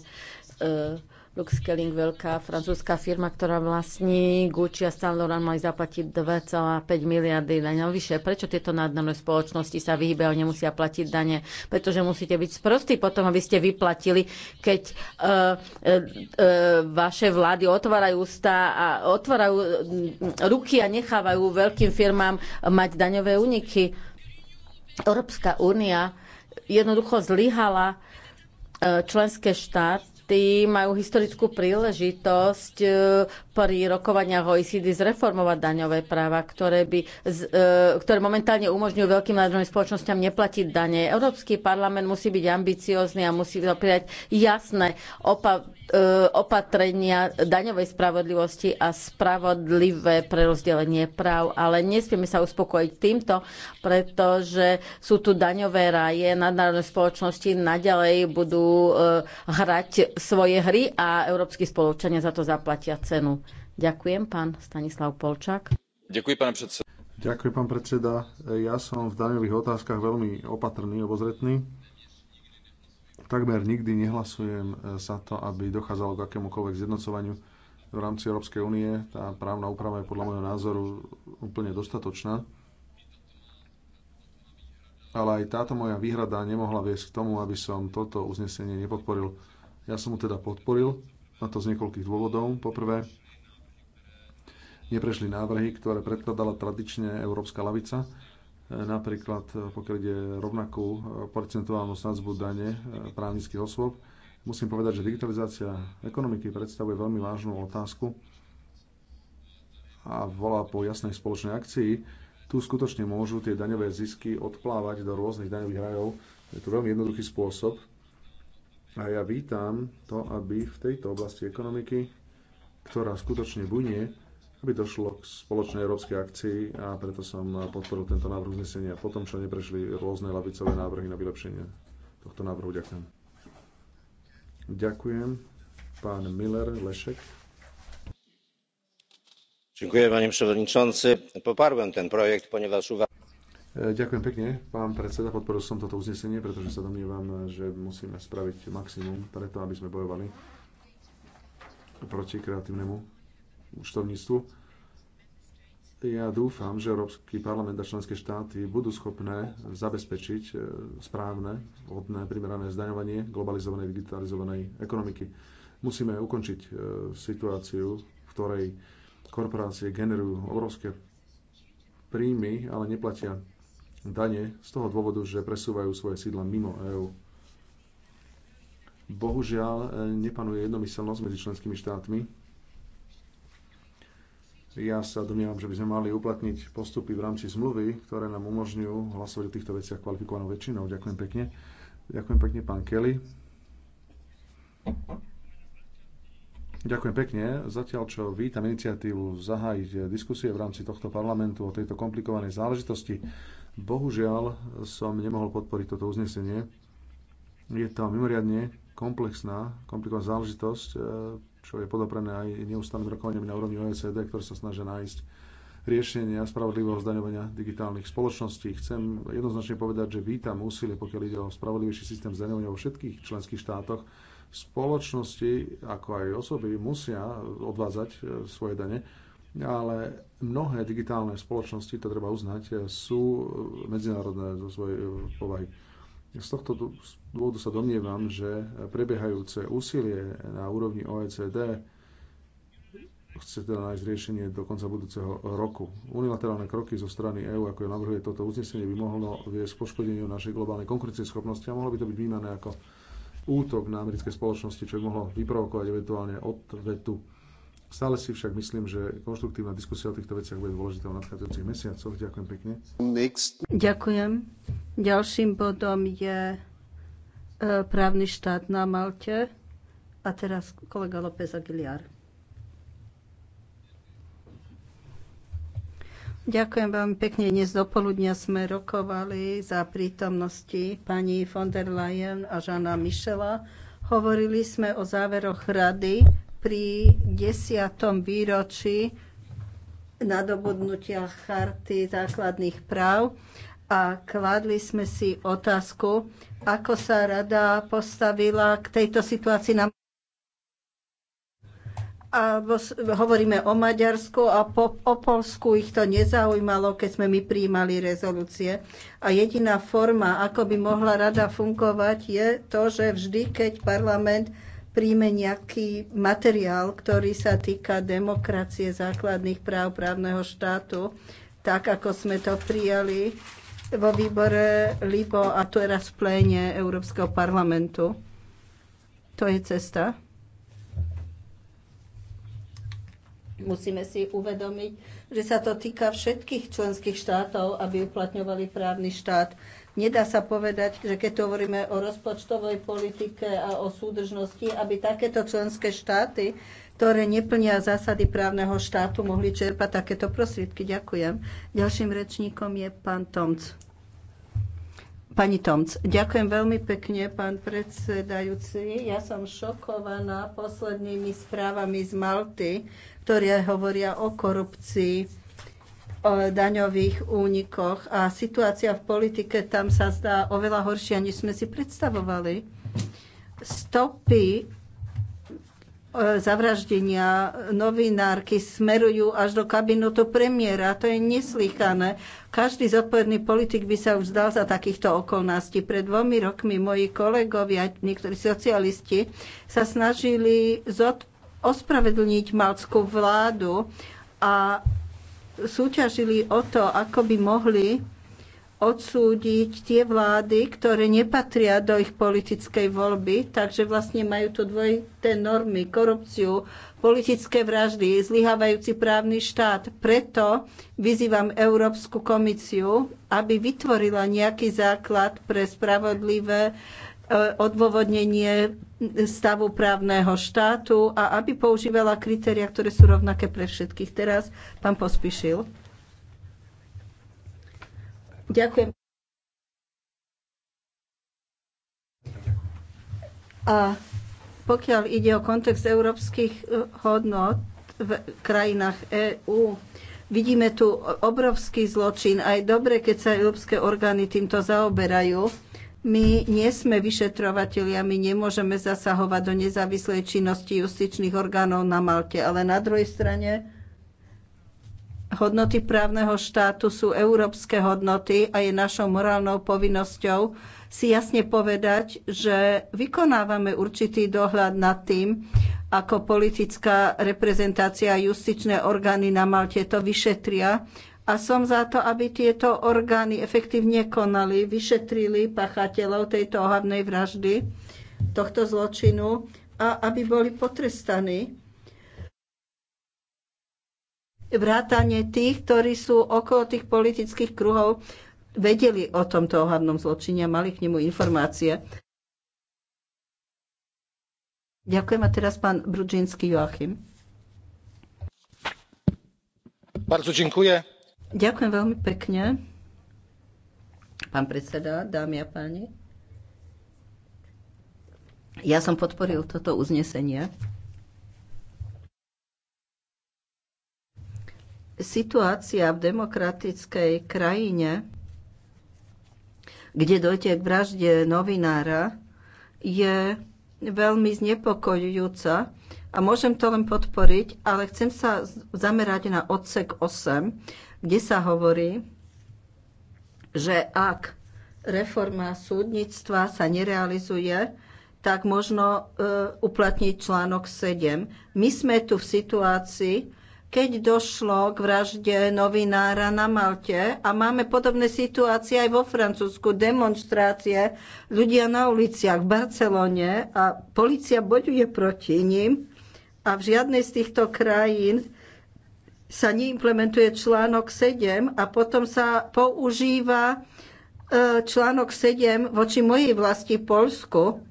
Luxkelling, veľká francúzska firma, ktorá vlastní Gucci a Saint Laurent mali zaplatiť 2,5 miliardy daň vyše, Prečo tieto nadnárodné spoločnosti sa vyhýbajú, nemusia platiť dane? Pretože musíte byť sprostí potom, aby ste vyplatili, keď uh, uh, uh, vaše vlády otvárajú ústa a otvárajú mm, ruky a nechávajú veľkým firmám mať daňové úniky. Európska únia jednoducho zlyhala e, členské štát štáty majú historickú príležitosť e, pri rokovaniach OECD zreformovať daňové práva, ktoré, by, e, ktoré momentálne umožňujú veľkým národným spoločnosťam neplatiť dane. Európsky parlament musí byť ambiciózny a musí prijať jasné opatrenia E, opatrenia daňovej spravodlivosti a spravodlivé prerozdelenie práv. Ale nesmieme sa uspokojiť týmto, pretože sú tu daňové ráje, nadnárodné spoločnosti naďalej budú e, hrať svoje hry a európsky spoločania za to zaplatia cenu. Ďakujem, pán Stanislav Polčák. Ďakujem, pán predseda. Ďakujem, pán predseda. Ja som v daňových otázkach veľmi opatrný, obozretný Takmer nikdy nehlasujem e, za to, aby dochádzalo k akémukoľvek zjednocovaniu v rámci Európskej únie. Tá právna úprava je podľa môjho názoru úplne dostatočná. Ale aj táto moja výhrada nemohla viesť k tomu, aby som toto uznesenie nepodporil. Ja som ho teda podporil, na to z niekoľkých dôvodov. Poprvé, neprešli návrhy, ktoré predkladala tradične Európska lavica napríklad eh, pokiaľ ide rovnakú eh, percentuálnu sadzbu dane eh, právnických osôb. Musím povedať, že digitalizácia ekonomiky predstavuje veľmi vážnu otázku a volá po jasnej spoločnej akcii. Tu skutočne môžu tie daňové zisky odplávať do rôznych daňových rajov. Je to veľmi jednoduchý spôsob. A ja vítam to, aby v tejto oblasti ekonomiky, ktorá skutočne bunie, aby došlo k spoločnej európskej akcii a preto som podporil tento návrh uznesenia po tom, čo neprešli rôzne lavicové návrhy na vylepšenie tohto návrhu. Ďakujem. Ďakujem. Pán Miller, Lešek. Dziękuję panie przewodniczący. Poparłem ten projekt, ponieważ uważam. E, ďakujem pekne, pán predseda. Podporil som toto uznesenie, pretože sa domnievam, že musíme spraviť maximum preto, aby sme bojovali proti kreatívnemu účtovníctvu. Ja dúfam, že Európsky parlament a členské štáty budú schopné zabezpečiť e, správne, hodné, primerané zdaňovanie globalizovanej, digitalizovanej ekonomiky. Musíme ukončiť e, situáciu, v ktorej korporácie generujú obrovské príjmy, ale neplatia dane z toho dôvodu, že presúvajú svoje sídla mimo EÚ. Bohužiaľ, e, nepanuje jednomyselnosť medzi členskými štátmi ja sa domnievam, že by sme mali uplatniť postupy v rámci zmluvy, ktoré nám umožňujú hlasovať o týchto veciach kvalifikovanou väčšinou. Ďakujem pekne. Ďakujem pekne, pán Kelly. Ďakujem pekne. Zatiaľ, čo vítam iniciatívu zahájiť diskusie v rámci tohto parlamentu o tejto komplikovanej záležitosti, bohužiaľ som nemohol podporiť toto uznesenie. Je to mimoriadne komplexná, komplikovaná záležitosť čo je podoprené aj neustálym rokovaním na úrovni OECD, ktoré sa snažia nájsť riešenie spravodlivého zdaňovania digitálnych spoločností. Chcem jednoznačne povedať, že vítam úsilie, pokiaľ ide o spravodlivejší systém zdaňovania vo všetkých členských štátoch. Spoločnosti, ako aj osoby, musia odvádzať e, svoje dane, ale mnohé digitálne spoločnosti, to treba uznať, e, sú e, medzinárodné zo svojej povahy z tohto dôvodu sa domnievam, že prebiehajúce úsilie na úrovni OECD chce teda nájsť riešenie do konca budúceho roku. Unilaterálne kroky zo strany EÚ, ako je navrhuje toto uznesenie, by mohlo viesť k poškodeniu našej globálnej konkurencieschopnosti a mohlo by to byť vnímané ako útok na americké spoločnosti, čo by mohlo vyprovokovať eventuálne odvetu Stále si však myslím, že konštruktívna diskusia o týchto veciach bude dôležitá v nadchádzajúcich mesiacoch. Ďakujem pekne. Next. Ďakujem. Ďalším bodom je e, právny štát na Malte. A teraz kolega López Aguiliar. Ďakujem veľmi pekne. Dnes dopoludnia sme rokovali za prítomnosti pani von der Leyen a Žana Michela. Hovorili sme o záveroch rady pri desiatom výročí nadobudnutia charty základných práv a kladli sme si otázku, ako sa rada postavila k tejto situácii na a hovoríme o Maďarsku a po, o Polsku ich to nezaujímalo, keď sme my prijímali rezolúcie. A jediná forma, ako by mohla rada fungovať, je to, že vždy, keď parlament príjme nejaký materiál, ktorý sa týka demokracie, základných práv, právneho štátu, tak ako sme to prijali vo výbore LIBO a teraz v pléne Európskeho parlamentu. To je cesta. Musíme si uvedomiť, že sa to týka všetkých členských štátov, aby uplatňovali právny štát Nedá sa povedať, že keď hovoríme o rozpočtovej politike a o súdržnosti, aby takéto členské štáty, ktoré neplnia zásady právneho štátu, mohli čerpať takéto prostriedky. Ďakujem. Ďalším rečníkom je pán Tomc. Pani Tomc, ďakujem veľmi pekne, pán predsedajúci. Ja som šokovaná poslednými správami z Malty, ktoré hovoria o korupcii o daňových únikoch a situácia v politike tam sa zdá oveľa horšia, než sme si predstavovali. Stopy e, zavraždenia novinárky smerujú až do kabinetu premiéra. To je neslychané. Každý zodpovedný politik by sa už zdal za takýchto okolností. Pred dvomi rokmi moji kolegovia, niektorí socialisti, sa snažili ospravedlniť malckú vládu a súťažili o to, ako by mohli odsúdiť tie vlády, ktoré nepatria do ich politickej voľby, takže vlastne majú tu dvojité normy, korupciu, politické vraždy, zlyhávajúci právny štát. Preto vyzývam Európsku komisiu, aby vytvorila nejaký základ pre spravodlivé odôvodnenie stavu právneho štátu a aby používala kritéria, ktoré sú rovnaké pre všetkých. Teraz pán Pospišil. Ďakujem. A pokiaľ ide o kontext európskych e, hodnot v krajinách EÚ, vidíme tu obrovský zločin. Aj dobre, keď sa európske orgány týmto zaoberajú my nie sme vyšetrovateľia, my nemôžeme zasahovať do nezávislej činnosti justičných orgánov na Malte, ale na druhej strane hodnoty právneho štátu sú európske hodnoty a je našou morálnou povinnosťou si jasne povedať, že vykonávame určitý dohľad nad tým, ako politická reprezentácia a justičné orgány na Malte to vyšetria a som za to, aby tieto orgány efektívne konali, vyšetrili pachateľov tejto ohavnej vraždy, tohto zločinu a aby boli potrestaní. Vrátanie tých, ktorí sú okolo tých politických kruhov, vedeli o tomto ohavnom zločine a mali k nemu informácie. Ďakujem a teraz pán Brudžinský Joachim. Bardzo dziękuję Ďakujem veľmi pekne. Pán predseda, dámy a páni. Ja som podporil toto uznesenie. Situácia v demokratickej krajine, kde dojde k vražde novinára, je veľmi znepokojujúca a môžem to len podporiť, ale chcem sa zamerať na odsek 8, kde sa hovorí, že ak reforma súdnictva sa nerealizuje, tak možno e, uplatniť článok 7. My sme tu v situácii, keď došlo k vražde novinára na Malte a máme podobné situácie aj vo Francúzsku, demonstrácie, ľudia na uliciach v Barcelone a policia bojuje proti nim a v žiadnej z týchto krajín sa neimplementuje článok 7 a potom sa používa e, článok 7 voči mojej vlasti Polsku,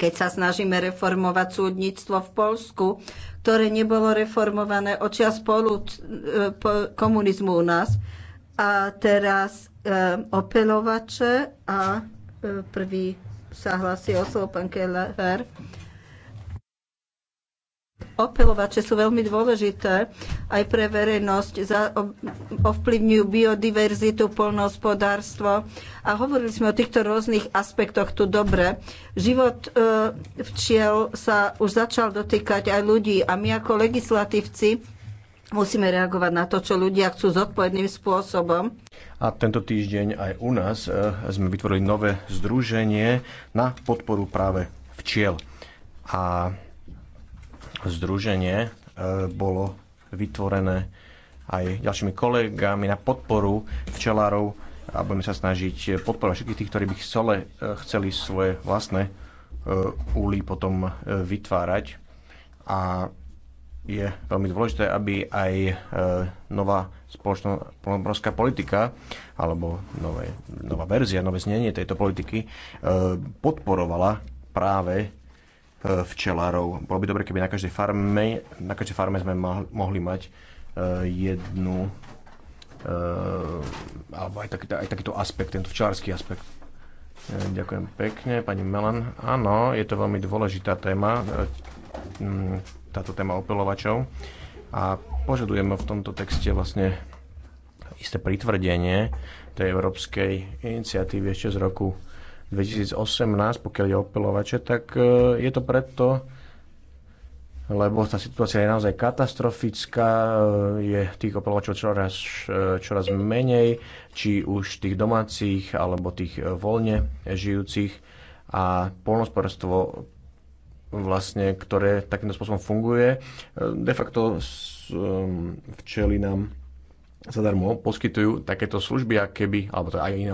keď sa snažíme reformovať súdnictvo v Polsku, ktoré nebolo reformované od spolu e, komunizmu u nás. A teraz e, opelovače a prvý sa hlasí o slovo pán Keller opelovače sú veľmi dôležité aj pre verejnosť, za, ovplyvňujú biodiverzitu, polnohospodárstvo a hovorili sme o týchto rôznych aspektoch tu dobre. Život e, včiel sa už začal dotýkať aj ľudí a my ako legislatívci musíme reagovať na to, čo ľudia chcú zodpovedným spôsobom. A tento týždeň aj u nás e, sme vytvorili nové združenie na podporu práve včiel. A združenie e, bolo vytvorené aj ďalšími kolegami na podporu včelárov a budeme sa snažiť podporovať všetkých tých, ktorí by chcele, e, chceli svoje vlastné e, úly potom vytvárať. A je veľmi dôležité, aby aj nová spoločná politika alebo nové, nová verzia, nové znenie tejto politiky podporovala práve E, včelárov. Bolo by dobre, keby na každej farme, na každej farme sme mohli mať e, jednu e, alebo aj, taký, aj takýto aspekt, tento včelársky aspekt. Ďakujem pekne, pani Melan. Áno, je to veľmi dôležitá téma, táto téma opelovačov. A požadujeme v tomto texte vlastne isté pritvrdenie tej európskej iniciatívy ešte z roku 2018, pokiaľ je opelovače, tak e, je to preto, lebo tá situácia je naozaj katastrofická, e, je tých opelovačov čoraz, e, čoraz menej, či už tých domácich, alebo tých voľne žijúcich a polnospodárstvo vlastne, ktoré takýmto spôsobom funguje, de facto včeli nám zadarmo poskytujú takéto služby, a keby, alebo to teda aj iné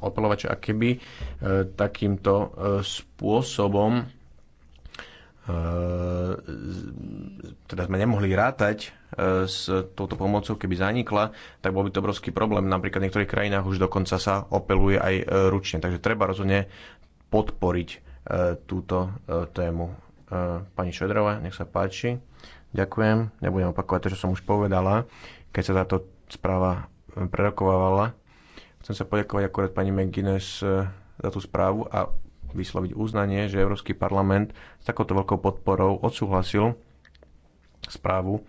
odpalovače, a keby e, takýmto e, spôsobom e, teda sme nemohli rátať e, s touto pomocou, keby zanikla, tak bol by to obrovský problém. Napríklad v niektorých krajinách už dokonca sa opeluje aj e, ručne, takže treba rozhodne podporiť e, túto e, tému. E, pani Šedrova, nech sa páči. Ďakujem, nebudem opakovať to, čo som už povedala. Keď sa táto správa e, prerokovávala. Chcem sa poďakovať akurát pani McGuinness e, za tú správu a vysloviť uznanie, že Európsky parlament s takouto veľkou podporou odsúhlasil správu, e,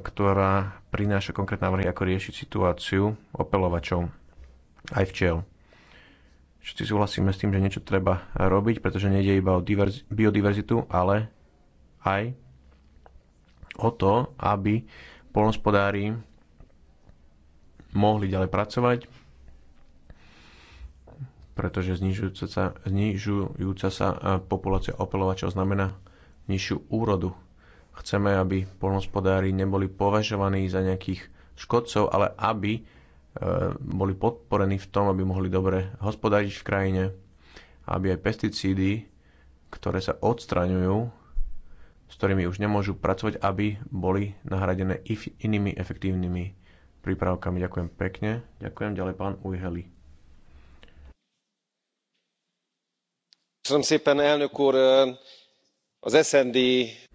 ktorá prináša konkrétne návrhy, ako riešiť situáciu opelovačov aj včiel. Všetci súhlasíme s tým, že niečo treba robiť, pretože nejde iba o biodiverzitu, ale aj o to, aby polnospodári mohli ďalej pracovať, pretože znižujúca sa, znižujúca sa e, populácia opelovačov znamená nižšiu úrodu. Chceme, aby polnospodári neboli považovaní za nejakých škodcov, ale aby e, boli podporení v tom, aby mohli dobre hospodáriť v krajine, aby aj pesticídy, ktoré sa odstraňujú, s ktorými už nemôžu pracovať, aby boli nahradené inými efektívnymi prípravkami. Ďakujem pekne. Ďakujem ďalej pán Ujheli.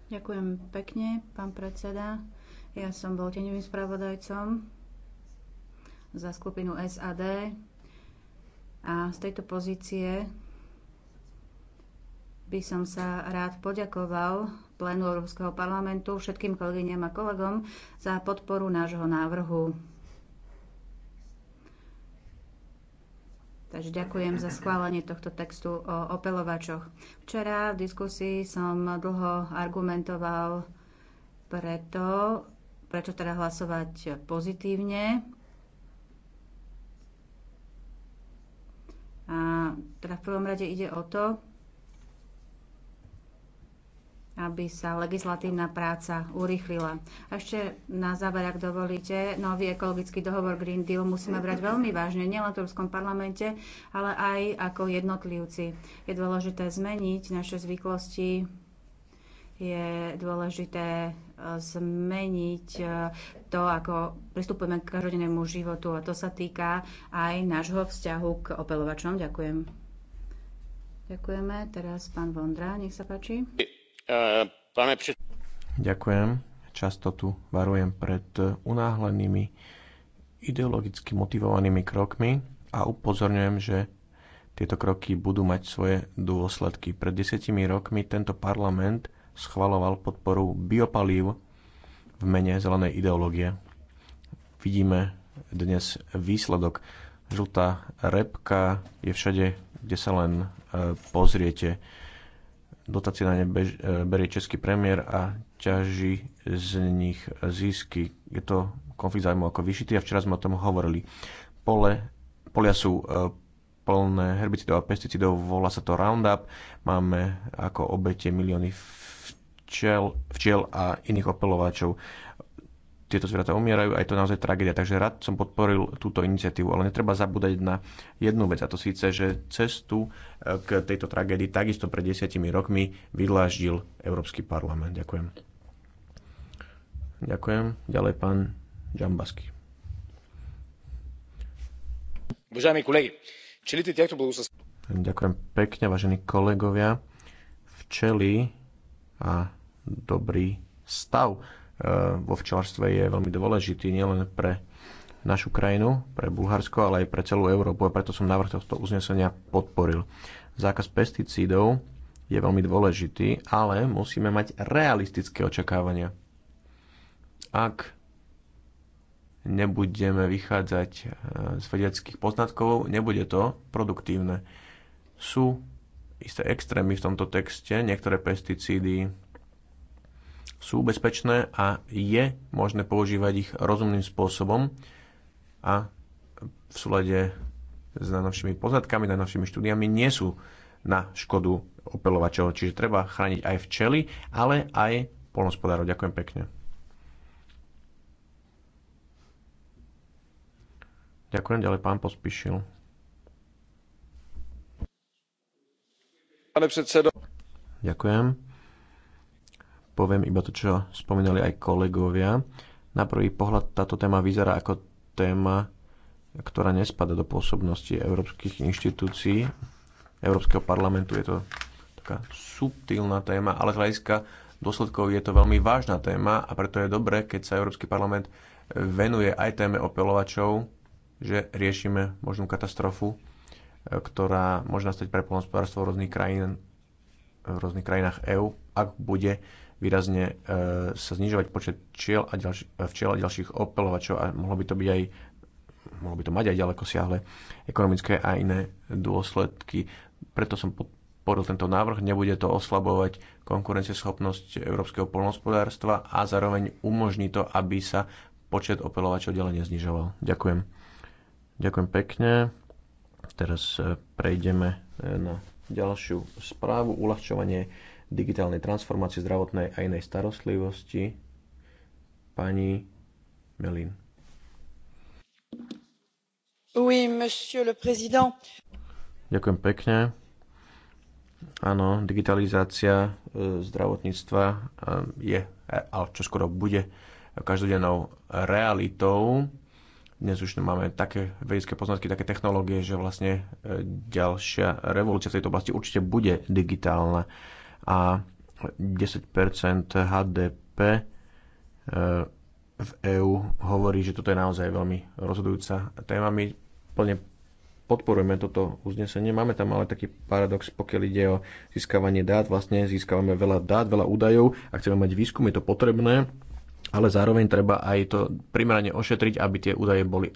Ďakujem pekne, pán predseda. Ja som bol teňovým spravodajcom za skupinu SAD a z tejto pozície by som sa rád poďakoval plénu Európskeho parlamentu, všetkým kolegyňam a kolegom za podporu nášho návrhu. Takže ďakujem za schválenie tohto textu o opelovačoch. Včera v diskusii som dlho argumentoval preto, prečo teda hlasovať pozitívne. A teda v prvom rade ide o to, aby sa legislatívna práca urýchlila. ešte na záver, ak dovolíte, nový ekologický dohovor Green Deal musíme brať veľmi vážne, nielen v Európskom parlamente, ale aj ako jednotlivci. Je dôležité zmeniť naše zvyklosti, je dôležité e, zmeniť e, to, ako pristupujeme k každodennému životu a to sa týka aj nášho vzťahu k opelovačom. Ďakujem. Ďakujeme. Teraz pán Vondra, nech sa páči. Ďakujem. Často tu varujem pred eh, unáhlenými ideologicky motivovanými krokmi a upozorňujem, že tieto kroky budú mať svoje dôsledky. Pred desiatimi rokmi tento parlament schvaloval podporu biopalív v mene zelenej ideológie. Vidíme dnes výsledok. Žltá repka je všade, kde sa len eh, pozriete dotácie na ne bež, e, berie český premiér a ťaží z nich zisky. Je to konflikt zájmu, ako vyšitý a včera sme o tom hovorili. Pole, polia sú e, plné herbicidov a pesticidov, volá sa to Roundup. Máme ako obete milióny včiel, včiel a iných opelovačov tieto zvieratá umierajú a je to naozaj tragédia. Takže rád som podporil túto iniciatívu, ale netreba zabúdať na jednu vec a to síce, že cestu eh, k tejto tragédii takisto pred desiatimi rokmi vydláždil Európsky parlament. Ďakujem. Ďakujem. Ďalej pán Džambasky. čili ty пчелите budú sa... Ďakujem pekne, vážení kolegovia. Včeli a dobrý stav Eh, vo včelárstve je veľmi dôležitý nielen pre našu krajinu, pre Bulharsko, ale aj pre celú Európu a preto som návrh tohto uznesenia podporil. Zákaz pesticídov je veľmi dôležitý, ale musíme mať realistické očakávania. Ak nebudeme vychádzať eh, z vedeckých poznatkov, nebude to produktívne. Sú isté extrémy v tomto texte, niektoré pesticídy sú bezpečné a je možné používať ich rozumným spôsobom a v súlade s najnovšími poznatkami, najnovšími štúdiami nie sú na škodu opelovačov. Čiže treba chrániť aj včely, ale aj polnospodárov. Ďakujem pekne. Ďakujem ďalej, pán Pospíšil. Pane predsedo. Ďakujem poviem iba to, čo spomínali aj kolegovia. Na prvý pohľad táto téma vyzerá ako téma, ktorá nespada do pôsobnosti európskych inštitúcií, Európskeho parlamentu. Je to taká subtilná téma, ale z hľadiska dôsledkov je to veľmi vážna téma a preto je dobré, keď sa Európsky parlament venuje aj téme opelovačov, že riešime možnú katastrofu, e, ktorá môže nastať pre polnospodárstvo rôznych krajín v rôznych krajinách EÚ, ak bude výrazne e, sa znižovať počet čiel a, ďalši, e, včiel a ďalších opelovačov a mohlo by to byť aj mohlo by to mať aj ďaleko siahle ekonomické a iné dôsledky. Preto som podporil tento návrh. Nebude to oslabovať konkurencieschopnosť európskeho polnohospodárstva a zároveň umožní to, aby sa počet opelovačov ďalej neznižoval. Ďakujem. Ďakujem pekne. Teraz e, prejdeme na ďalšiu správu. Uľahčovanie digitálnej transformácie zdravotnej a inej starostlivosti pani Melin. Oui, monsieur le président. Ďakujem pekne. Áno, digitalizácia e, zdravotníctva e, je, ale čo skoro bude každodennou realitou. Dnes už máme také vedecké poznatky, také technológie, že vlastne e, ďalšia revolúcia v tejto oblasti určite bude digitálna a 10% HDP e, v EÚ hovorí, že toto je naozaj veľmi rozhodujúca téma. My plne podporujeme toto uznesenie. Máme tam ale taký paradox, pokiaľ ide o získavanie dát. Vlastne získavame veľa dát, veľa údajov a chceme mať výskum, je to potrebné, ale zároveň treba aj to primerane ošetriť, aby tie údaje boli